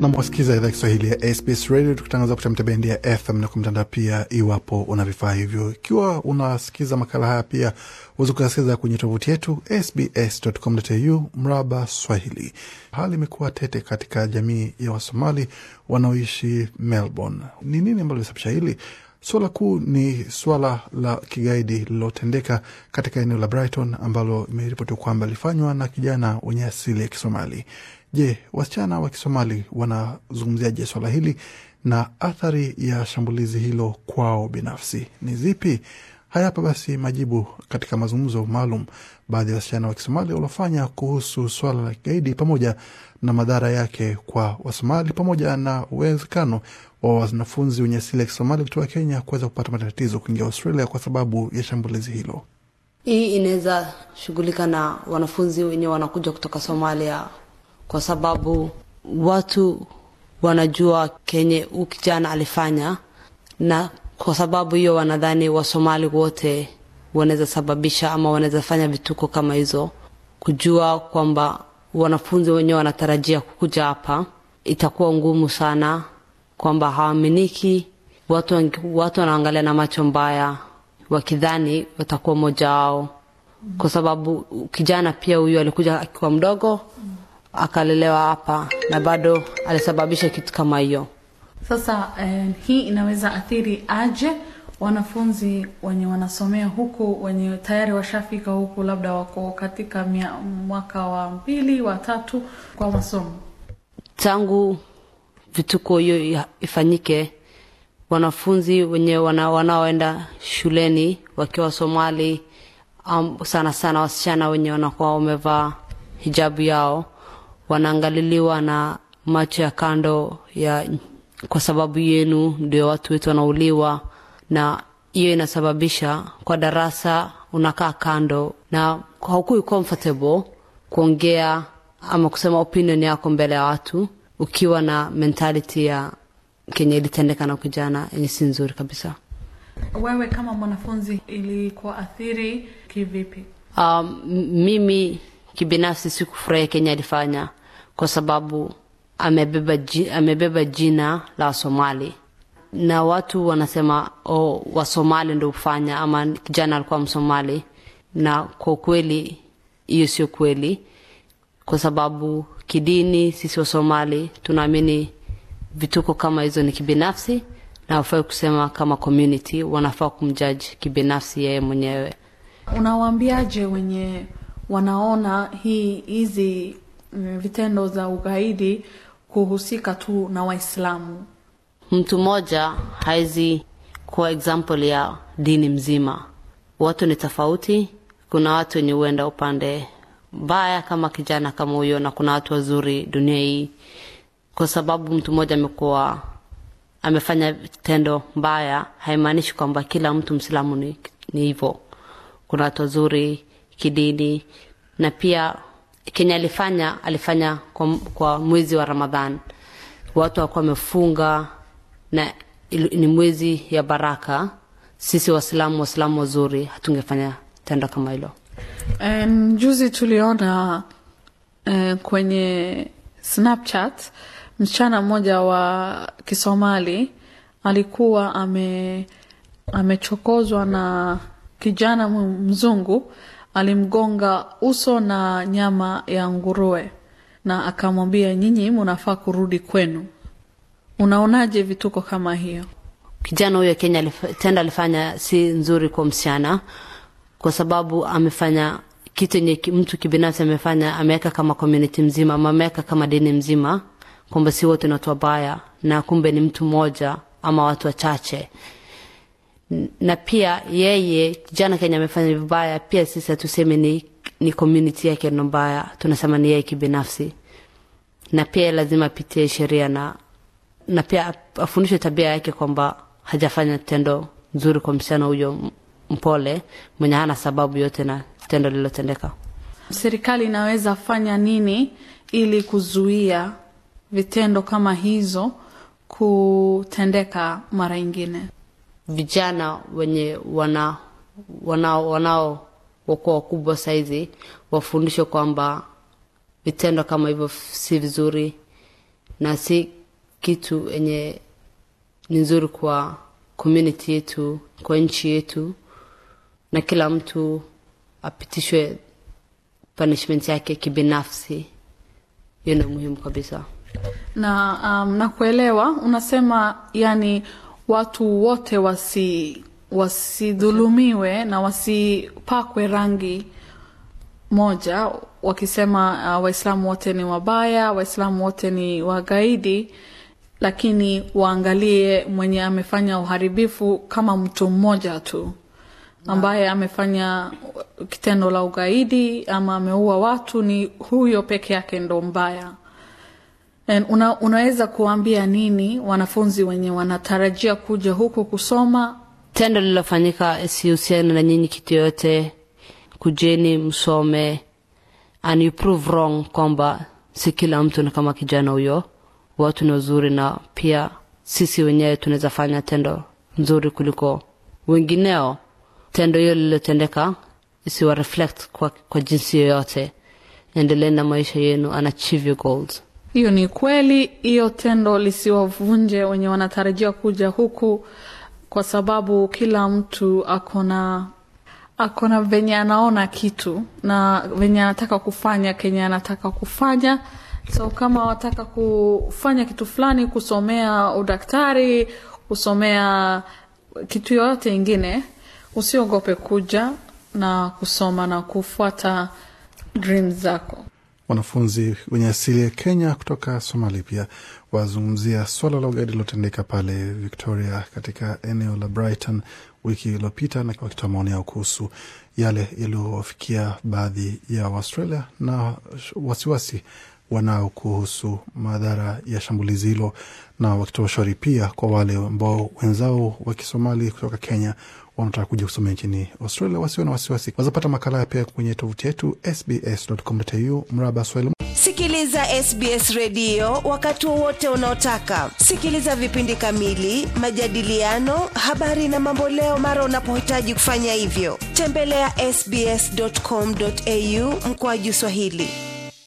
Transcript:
na mwasikiza idhaa Kiswahili ya SBS Radio tukitangaza kupitia bendi ya FM na kumtanda pia, iwapo una vifaa hivyo. Ikiwa unasikiza makala haya, pia uweze kusikiza kwenye tovuti yetu sbs.com.au mraba Swahili. Hali imekuwa tete katika jamii ya Wasomali wanaoishi Melbourne. Ni nini ambalo limesababisha hili? Suala kuu ni suala la kigaidi lililotendeka katika eneo la Brighton ambalo imeripotiwa kwamba lilifanywa na kijana wenye asili ya Kisomali. Je, wasichana wa Kisomali wanazungumziaje swala hili na athari ya shambulizi hilo kwao binafsi ni zipi? haya hapa basi majibu katika mazungumzo maalum baadhi ya wasichana wa Kisomali waliofanya kuhusu swala la kigaidi pamoja na madhara yake kwa Wasomali pamoja na uwezekano wa wanafunzi wenye asili ya Kisomali kutoka Kenya kuweza kupata matatizo kuingia Australia kwa sababu ya shambulizi hilo. Hii inaweza shughulika na wanafunzi wenye wanakuja kutoka Somalia kwa sababu watu wanajua kenye huu kijana alifanya, na kwa sababu hiyo wanadhani Wasomali wote wanaweza sababisha ama wanaweza fanya vituko kama hizo. Kujua kwamba wanafunzi wenyewe wanatarajia kukuja hapa, itakuwa ngumu sana, kwamba hawaaminiki. Watu, watu wanaangalia na macho mbaya, wakidhani watakuwa mmoja wao, kwa sababu kijana pia huyu alikuja akiwa mdogo akalelewa hapa na bado alisababisha kitu kama hiyo. Sasa eh, hii inaweza athiri aje wanafunzi wenye wanasomea huku wenye tayari washafika huku, labda wako katika mia, mwaka wa mbili wa tatu kwa masomo? Tangu vituko hiyo ifanyike, wanafunzi wenye wana, wanaoenda shuleni wakiwa Somali um, sana sana wasichana wenye wanakuwa wamevaa hijabu yao wanaangaliliwa na macho ya kando ya kwa sababu yenu ndio watu wetu wanauliwa, na hiyo inasababisha kwa darasa unakaa kando na haukui comfortable kuongea ama kusema opinion yako mbele ya watu ukiwa na mentality ya kenye ilitendeka na kijana yenye si nzuri kabisa. Wewe kama mwanafunzi ilikuwa athiri kivipi? Um, mimi Kibinafsi sikufurahia Kenya alifanya kwa sababu amebeba, ji, amebeba jina la Somali na watu wanasema oh, Wasomali ndo ufanya ama kijana alikuwa Msomali, na kwa ukweli hiyo sio kweli, kwa sababu kidini sisi Wasomali tunaamini vituko kama hizo ni kibinafsi na wafai kusema kama community, wanafaa kumjaji kibinafsi yeye mwenyewe. unawambiaje wenye wanaona hii hizi mm, vitendo za ugaidi kuhusika tu na Waislamu. Mtu mmoja hawezi kuwa example ya dini mzima. Watu ni tofauti. Kuna watu wenye huenda upande mbaya kama kijana kama huyo, na kuna watu wazuri dunia hii. Kwa sababu mtu mmoja amekuwa amefanya tendo mbaya, haimaanishi kwamba kila mtu msilamu ni, ni hivyo. Kuna watu wazuri kidini na pia kenya alifanya alifanya kwa, kwa mwezi wa Ramadhan, watu wakuwa wamefunga na ni mwezi ya baraka. Sisi Waislamu, Waislamu wazuri, hatungefanya tendo kama hilo. Juzi tuliona uh, kwenye Snapchat msichana mmoja wa Kisomali alikuwa ame amechokozwa na kijana mzungu alimgonga uso na nyama ya nguruwe na akamwambia, nyinyi munafaa kurudi kwenu. Unaonaje vituko kama hiyo? Kijana huyo Kenya tenda alifanya si nzuri kwa msichana, kwa sababu amefanya kitu enye mtu kibinafsi amefanya, ameweka kama komuniti mzima, ameweka kama dini mzima, kwamba si wote natuwa baya, wabaya, na kumbe ni mtu mmoja ama watu wachache na pia yeye kijana Kenya amefanya vibaya, pia sisi hatuseme ni, ni community yake nombaya mbaya, tunasema ni yeye kibinafsi, na pia lazima apitie sheria na, na pia afundishwe tabia yake kwamba hajafanya tendo nzuri kwa msichana huyo mpole mwenye hana sababu yote na tendo lililotendeka. Serikali inaweza fanya nini ili kuzuia vitendo kama hizo kutendeka mara ingine? vijana wenye wana wanao wanao wakuwa wakubwa saizi wafundishwe kwamba vitendo kama hivyo si vizuri na si kitu yenye ni nzuri kwa community yetu, kwa nchi yetu, na kila mtu apitishwe punishment yake kibinafsi. Hiyo ni muhimu kabisa. Na um, nakuelewa unasema yani watu wote wasi wasidhulumiwe na wasipakwe rangi moja wakisema uh, Waislamu wote ni wabaya, Waislamu wote ni wagaidi, lakini waangalie mwenye amefanya uharibifu kama mtu mmoja tu ambaye amefanya kitendo la ugaidi ama ameua watu, ni huyo peke yake ndo mbaya. Eh, una, unaweza kuambia nini wanafunzi wenye wanatarajia kuja huku kusoma? Tendo lilofanyika eh, sihusiana na nyinyi kitu yote, Kujeni msome and you prove wrong kwamba si kila mtu ni kama kijana huyo. Watu ni wazuri, na pia sisi wenyewe tunaweza fanya tendo nzuri kuliko wengineo. Tendo hiyo lilotendeka isiwa reflect kwa, kwa jinsi yoyote. Endeleni na maisha yenu and achieve your goals. Hiyo ni kweli, hiyo tendo lisiwavunje wenye wanatarajia kuja huku, kwa sababu kila mtu akona akona venye anaona kitu na venye anataka kufanya kenye anataka kufanya. So kama wataka kufanya kitu fulani, kusomea udaktari, kusomea kitu yoyote ingine, usiogope kuja na kusoma na kufuata dream zako. Wanafunzi wenye asili ya Kenya kutoka somali pia wazungumzia swala la ugaidi lilotendeka pale Victoria katika eneo la Brighton wiki iliyopita, na wakitoa maoni yao kuhusu yale yaliyowafikia baadhi ya Waustralia na wasiwasi wanao kuhusu madhara ya shambulizi hilo, na wakitoa ushauri pia kwa wale ambao wenzao wa Kisomali kutoka Kenya wanaotaka kuja kusomea nchini Australia wasiwe na wasiwasi, wazapata makala ya pia kwenye tovuti yetu sbs.com.au mraba Swahili. Sikiliza SBS redio wakati wowote unaotaka. Sikiliza vipindi kamili, majadiliano, habari na mamboleo mara unapohitaji kufanya hivyo. Tembelea ya sbs.com.au mkoaji Swahili.